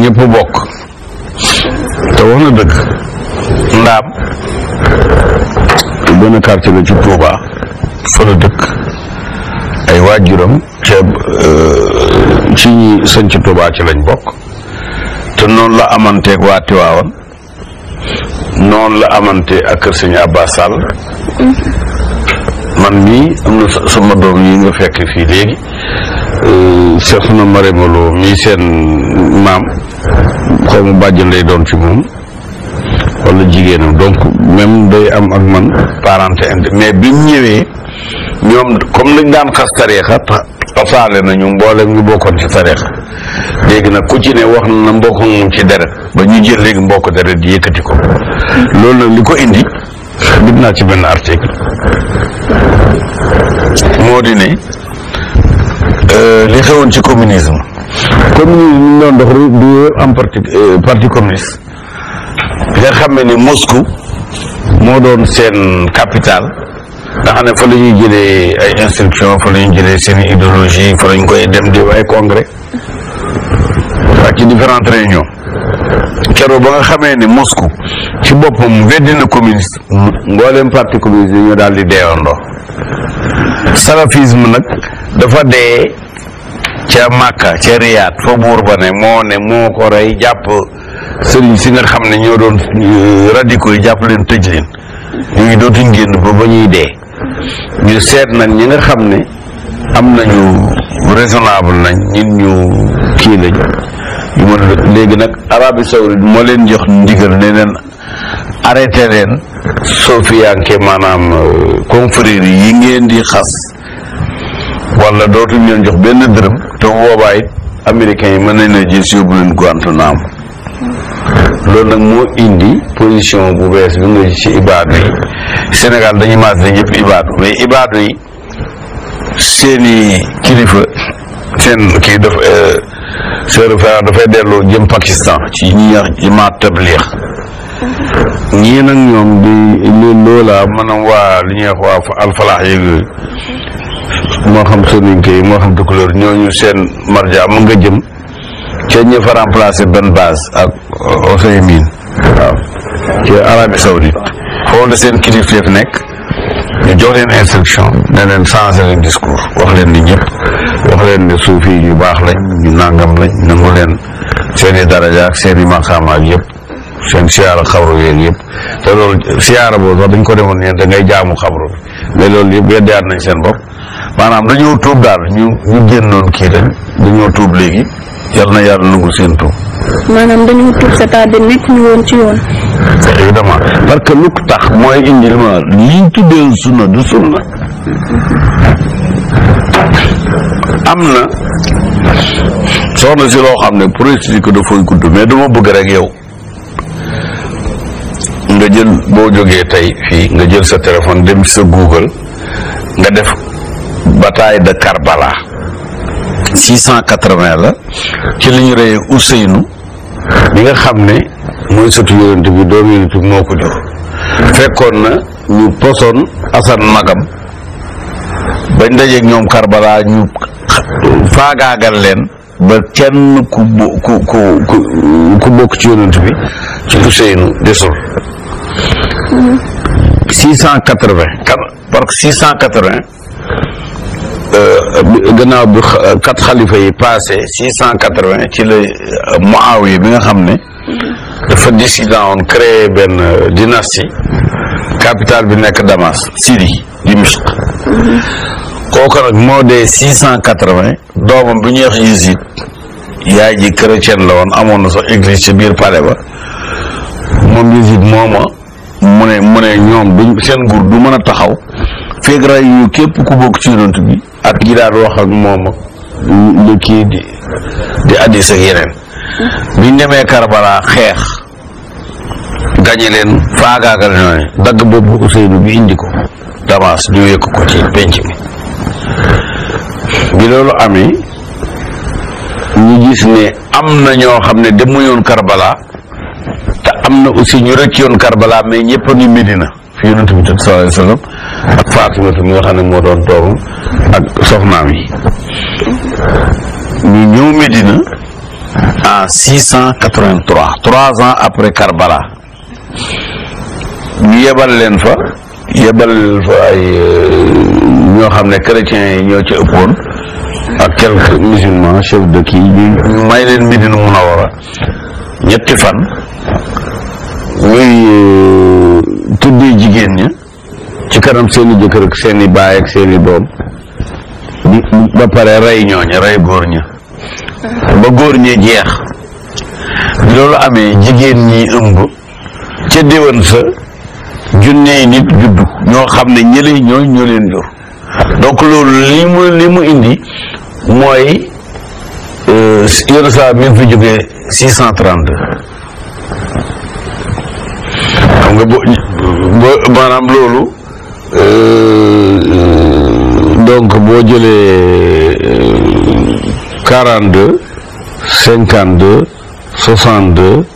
nag bokk te wax na dëgg ndaam lu gën a quartier la ci Touba fa la dëkk ay waajuram ceeb euh, ci ñi sëñ ci Touba ci lañ bokk te noonu la amanteeg waa Tiwaawan noonu la amante ak kër sëñ Abba Sall mm-hmm. man mii am na sama doom yi nga fekk fii léegi Seexuna euh, Marème Lo mii seen maam xaw bàjj lay doon ci moom wala jigéenam donc même day am ak man parenté indi mais bi ñëwee ñoom comme lañ daan xas tariixa tasaale nañu mbooleem ñu bokkoon ci tariixa léegi nag ku ci ne wax na mbokk ci deret ba ñu jël léegi mbokk deret yëkkati ko loolu nag li ko indi bind naa ci benn article moo di ne Euh, li xewoon ci communisme communisme ñu doon dox du am parti euh, parti communiste bi nga xam ne ni Moscou moo doon seen capital nga xam ne fa la ñuy jëlee ay instruction fa la jëlee seen idéologie fa lañu koy dem di ay congrès ak ci différentes réunions keroog ba nga xamee ne Moscou ci boppam weddi na communiste mbooleem parti communiste dañoo daal di deewandoo salafisme nag dafa dee ca Màkka ca Riyaad fa buur ba ne moo ne moo ko rey jàpp sëriñ si nga xam ne ñoo doon euh, radiko yi jàpp leen tëj leen ñooñu dootuñ génn ba ba ñuy dee ñu seet nag ñi nga xam ne am nañu raisonnable nañ ñun ñu kii lañ léegi nag Arabie Saoudite moo leen jox ndigal ne leen arrêté leen sofiyanke maanaam euh, confrérie yi ngeen di xas wala dootuñ leen jox benn dërëm te bu boobaa yi mën nañ la jël si yóbbu leen Guantanamo loolu nag moo indi position bu bees bi nga ci ibaadu yi Sénégal dañuy maas ne ñëpp ibaadu mais ibaadu yi seeni kilifa seen kii dafa euh, dafay delloo jëm Pakistan ci ñi wax jamaat tabliix ñii nag ñoom di loolaa maanaam waa li ñuy wax waa alfalaax yeeg moo xam soninke yi moo xam ñoo ñu seen marja mu nga jëm ca ñi fa remplacer benn base ak euh, Ousseymine waaw ci Arabie Saoudite foofu la seen kilifteef nekk ñu jox leen instruction ne leen changer leen discours wax leen di ñëpp wax leen ne suufi yi ñu baax lañ ñu nàngam lañ nangu leen seen i daraja ak seen i maqaama ak yëpp seen siyaara xabru yeeg yëpp te loolu siyaara boobu sax dañ ko demoon ne da ngay jaamu xabru bi mais loolu yëpp weddiwaat nañ seen bopp maanaam dañoo tuub daal ñu ñu génnoon kii rek dañoo tuub léegi yal na yàlla nangu seen tuub. maanaam dañoo tuub cest à nekk ñu woon ci yoon. évidemment parce que lu tax mooy indi li ma liñ tuddee sunna du sunna am na soxna si loo xam ne pour expliquer que gudd mais dama bëgg rek yow nga jël boo jógee tey fii nga jël sa téléphone dem sa Google nga def. bataille de quatre 680 la ci li ñu reyee Ousseynou li nga xam ne mooy sëtu yonent bi doomu yonent bi moo ko jur fekkoon na ñu posoon Asan magam bañ dajeeg ñoom Karbala ñu faagaagal leen ba kenn ku ku bokk ci yonent bi ci Ousseynou desul 680 mm-hmm. parce que 680 Euh, gannaaw bi euh, quatre xalifa yi passé six cent quatre vingt ci la euh, bi nga xam ne dafa décidé woon créer benn dynastie capitale bi nekk Damas Syrie Dimashq kooku nag moo dee cent quatre vingt doomam bi ñu wax Yazid yaay ji chrétienne la woon amoon na sax église ci biir palais ba moom Yazid mooma mu ne mu ne ñoom duñ seen nguur du mën a taxaw feeg ray yu képp ku ci yonent bi ak yi daan wax ak moom lu kii di di addis ak yeneen biñ demee Karbala xeex gañe leen faagaagal ñooñu dagg boobu Ousseynou bi indi ko Damas ñu yëkk ko ci penc mi bi loolu amee ñu gis ne am na ñoo xam ne demuyoon Karbala te am na aussi ñu rëcc yoon Karbala mais ñëpp a ngi Medina fi yonent bi sallallahu alayhi wa sallam ak Faatimatu mi nga xam ne moo doon doomam ak soxnaam yi ñu ñëw Medina en six cent quatre-vingt-trois ans après Karbala ñu yebal leen fa yebal fa ay euh, ñoo xam ne chrétiens yi ñoo ci ëppoon ak quelques musulmans chef de kii ñu may leen Medina Munawara ñetti fan ñuy euh, tuddee jigéen ña ci kanam seeni jëkër ak seeni baay ak seeni doom ba pare rey ñooñu ray góor ña ba góor ña jeex bi loolu amee jigéen ñi ëmb ca déwan sa junney nit judd ñoo xam ne ñële ñooy ñoo leen jur donc loolu li mu li mu indi mooy euh, yenn saa mi fi jógee six cent trente xam nga bo maanaam loolu Euh, donc boo jëlee euh, quarante deux cinquante deux soixante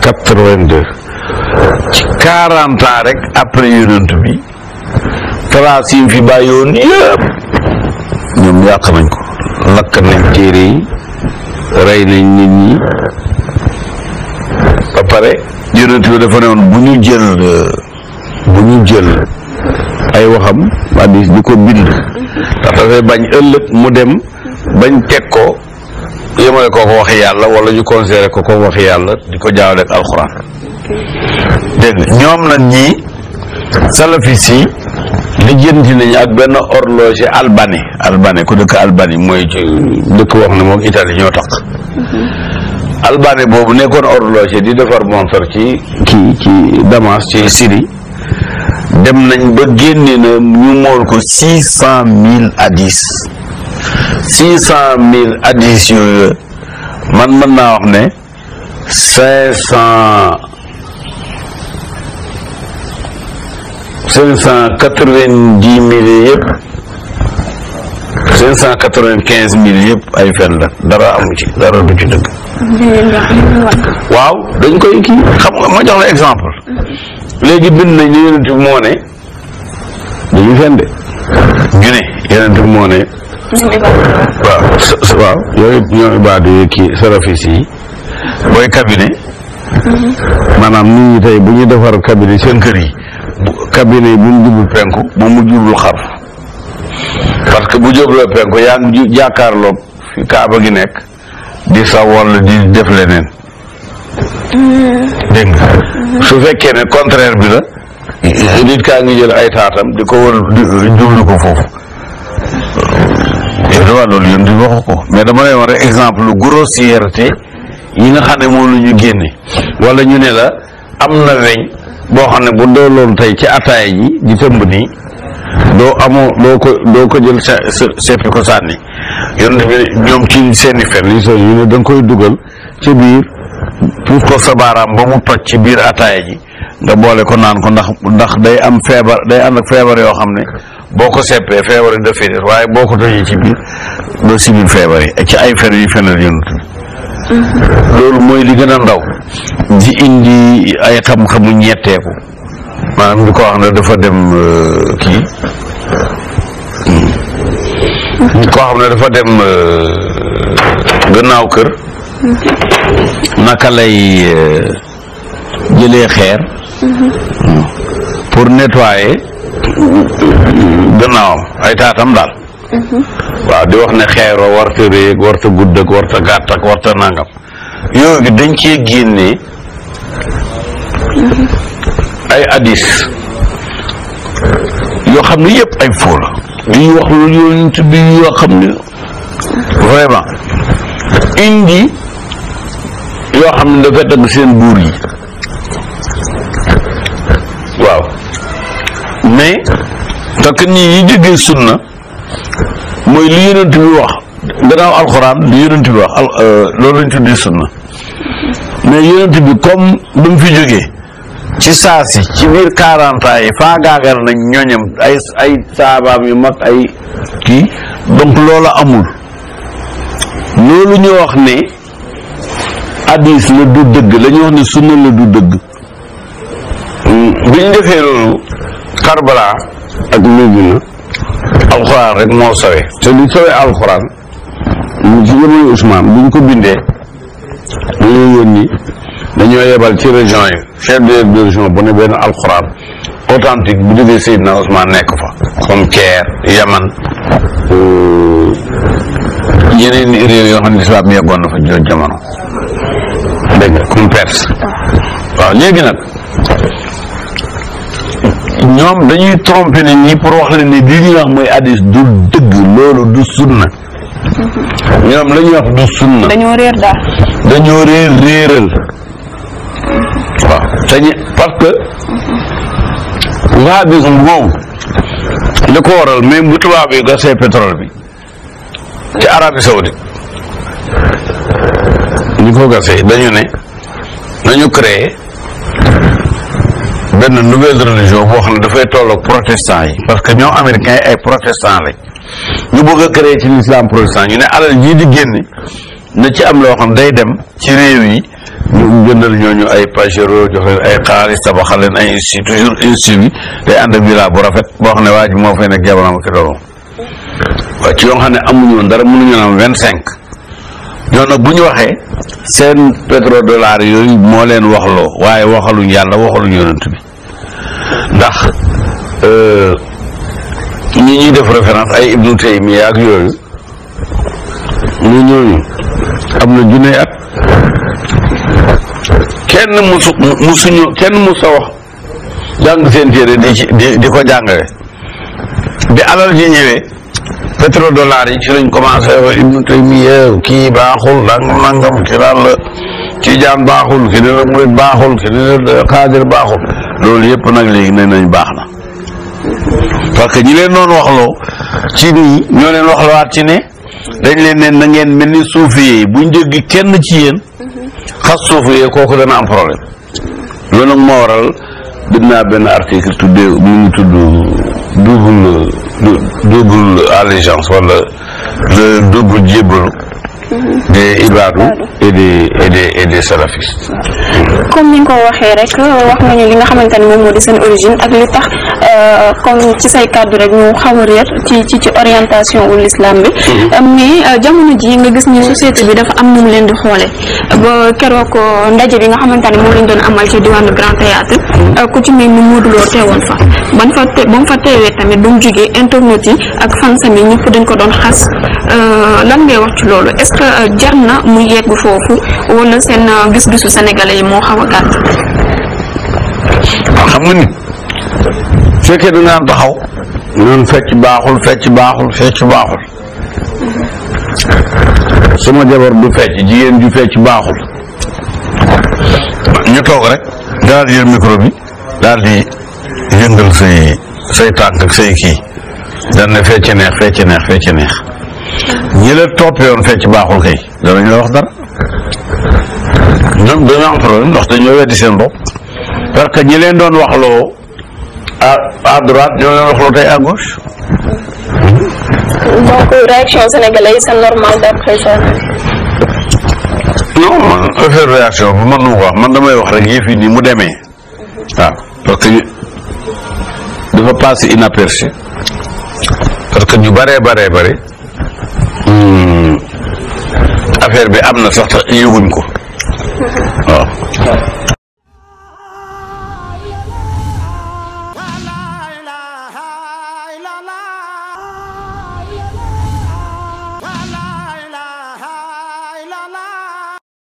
quatre vingt deux quarante ans rek après yonent bi trace yi fi bàyyoon yëpp ñoom yàq nañ ko lakk nañ téere yi rey nañ nit ñi ba pare yonent bi dafa ne woon bu ñu jël euh, bu ñu jël ay waxam hadis di ko bind ndax dafay bañ ëllëg mu dem bañ teg ko yemale ko ko waxi yàlla wala ñu considéré ko ko waxi yàlla di ko jaawale ak alxuraan dégg ñoom nag ñii salafis yi lijjanti nañu ak benn horloger albani albani ku dëkk albani mooy dëkk wax ne moom Italie ñoo tax albani boobu nekkoon horloger di defar montre ci kii ci Damas ci Syrie dem nañ ba génné na ñu mool ko 600000 hadis 600000 hadis yooyu man man na wax né 500 ay la dara amu ci dara du ci dëgg waaw dañ koy kii xam nga ma jox la exemple léegi bind nañ ne yonent bi moo ne dañuy fen de ñu ne yonent bi moo ne waaw waaw yooyu ñooy baat yooyu kii sarafis yi booy cabinet mm-hmm. maanaam nit ñi tey bu ñuy defar cabinet seen kër yi cabinet yi bu mu jublu penku bu mu jublu xarf parce que bu jubloo penku yaa ngi jàkkaarloo fi kaaba gi nekk di sa walla di def leneen mm-hmm. dégg nga su fekkee ne contraire bi la nit kaa ngi jël ay taatam di ko wër di jublu ko foofu yow eh, dafa loolu yoon di waxu ko mais dama lay wax exemple lu grossièreté yi nga xam ne moom lu ñu génne wala ñu ne la am na weñ boo xam ne bu dooloon tey ci ataaya ji di tëmb nii doo amoo doo ko doo ko jël sa seppi ko sànni yoon bi ñoom ci seeni fen yi soo ñu ne danga koy dugal ci biir tuuf ko sa baaraam ba mu toj ci biir ataaya ji nga boole ko naan ko ndax ndax day am feebar day ànd ak feebar yoo xam ne boo ko seppee feebar yi dafay des waaye boo ko tojee ci biir doo si feebar yi ci ay fer yu fenal yonut loolu mooy li gën a ndaw di indi ay xam-xamu ñetteeku maanaam di ko wax ne dafa dem euh, kii ñi hmm. ko xam ne dafa dem euh, gannaaw kër naka lay euh, jëlee xeer mm-hmm. pour nettoyer gannaawam ay taatam daal mm-hmm. waaw di wax ne xeer wa warta réeg warta gudd ak warta gàtt ak warta nangam yooyu dañ ci génne mm-hmm. ay hadis yoo xam ne yëpp ay foo di wax lu yonent bi yoo xam ne vraiment indi yoo xam ne dafa teg seen buur yi waaw mais takk nii yi jógee sunna mooy li yonent bi wax gannaaw alxuraan li yonent bi wax euh, loolu lañ tuddee na mais yonent bi comme ba mu fi jógee ci saa si ci biir quarante ans yi faagaagal nañ ñooñam ay ay saabaam yu mag ay kii donc loolu amul loolu ñu wax ne hadis la du dëgg la ñuy wax ne sunna la dëgg bi ñu defee loolu Karbala ak Médina alxuraan rek moo sawe te lu sawee alxuraan mu ci jamono Ousmane bu ñu ko bindee dañoo yónni dañoo yebal ci région yi chef de région bu ne benn alxuraan authentique bu jógee Seydina Ousmane nekk fa comme Caire Yaman euh, yoo xam ne lislaam yeggoon na fa jooju jamono dégg nga comme waaw léegi nag ñoom dañuy tromper nit ñi pour wax leen ni li ñuy wax mooy hadis du dëgg loolu du sunna ñoom la wax du sunna dañoo dañoo réer réeral waaw te ñu parce que hadis moom li ko waral même bu tubaab yi gasee pétrole bi ci Arabie Saoudite bi ko dan dañu ne nañu créé benn nouvelle religion boo xam ne dafay tolloog protestant yi parce que ñoom américain yi ay protestant lañ ñu bëgg a créé ci l'islam protestant ñu ne alal jii di génn na ci am loo xam day dem ci réew yi ñu jëndal ñooñu ay pajero jox leen ay xaalis tabaxal leen ay institut toujours institut bi day ànd ak villa bu rafet boo xam ne waa fay nekk jabaram ak doomam waa ci yoo xam amuñu dara mënuñu am vingt ñoom nag bu ñu waxee seen pétrodollars yooyu moo leen waxloo waaye waxaluñ yàlla waxaluñ yonent bi ndax euh, ñi ñuy def référence ay Ibnu Taymiya ak yooyu ñu ñooñu am na junne at kenn musu musuñu kenn musa wax jàng seen téere di di di ko jàngale bi alal ji ñëwee pétrodollar yi ci lañ commencé wa ibnu taymiya kii baaxul nangam nangam ki daal tijaan baaxul ki dina murit baaxul ki dina xaadir baaxul loolu yëpp nag léegi nee nañ baax na parce que ñi leen wax loo ci nii ñoo leen wax waxlawaat ci ne dañ leen ne na ngeen mel ni suufiyee yi buñ jéggi kenn ci yéen xas suufiyee kooku dana am problème loolu nag waral bind naa benn article tuddee mu tudd double double allégeance wala le double jébbalu mm-hmm. des ibaadu et des et et des salafistes comme ni ko waxee rek wax nga ñu li nga xamanteni ne moom moo seen origine ak li tax euh, comme ci say cadre rek ñu xaw reet ci ci ci orientation wu l'islam bi mhm. euh, mais euh, jamono ji nga gis ni société bi dafa am num leen di xolé ba ko ndaje bi nga xamanteni moom doon amal ci diwanu grand théâtre mhm. ku ci mel ni Modou Lo téwon fa ban fa te bon fa téwé tamit bu mu jugee internet yi ak fansam ñepp dañ ko doon euh lan ngay wax ci lolu est ce que jarna mu yegg foofu wala sen gis-gisu sénégalais yi xamagaat xam nga ni fekkee da naan taxaw noonu fecc baaxul fecc baaxul fecc baaxul sama jabar du fecc jigéen ju fecc baaxul ñu toog rek daal jël micro bi daal di yëngal say say tànk ak say kii dañ ne fecc neex fecc neex fecc neex ñi la toppee woon fecc baaxul kay danañ la wax dara ñoom dañu am problème ndax dañoo weddi seen bopp parce que ñi leen doon waxloo à à droite ñoo leen waxloo tey à gauche. donc réaction sénégalais c'est normal d'après ça. non man affaire réaction bi man nu ko wax man damay wax rek yëf yi ni mu demee waaw parce que dafa passé inaperçu parce que ñu bare bare bare hmm, affaire bi am na sax te yëguñ ko. oh.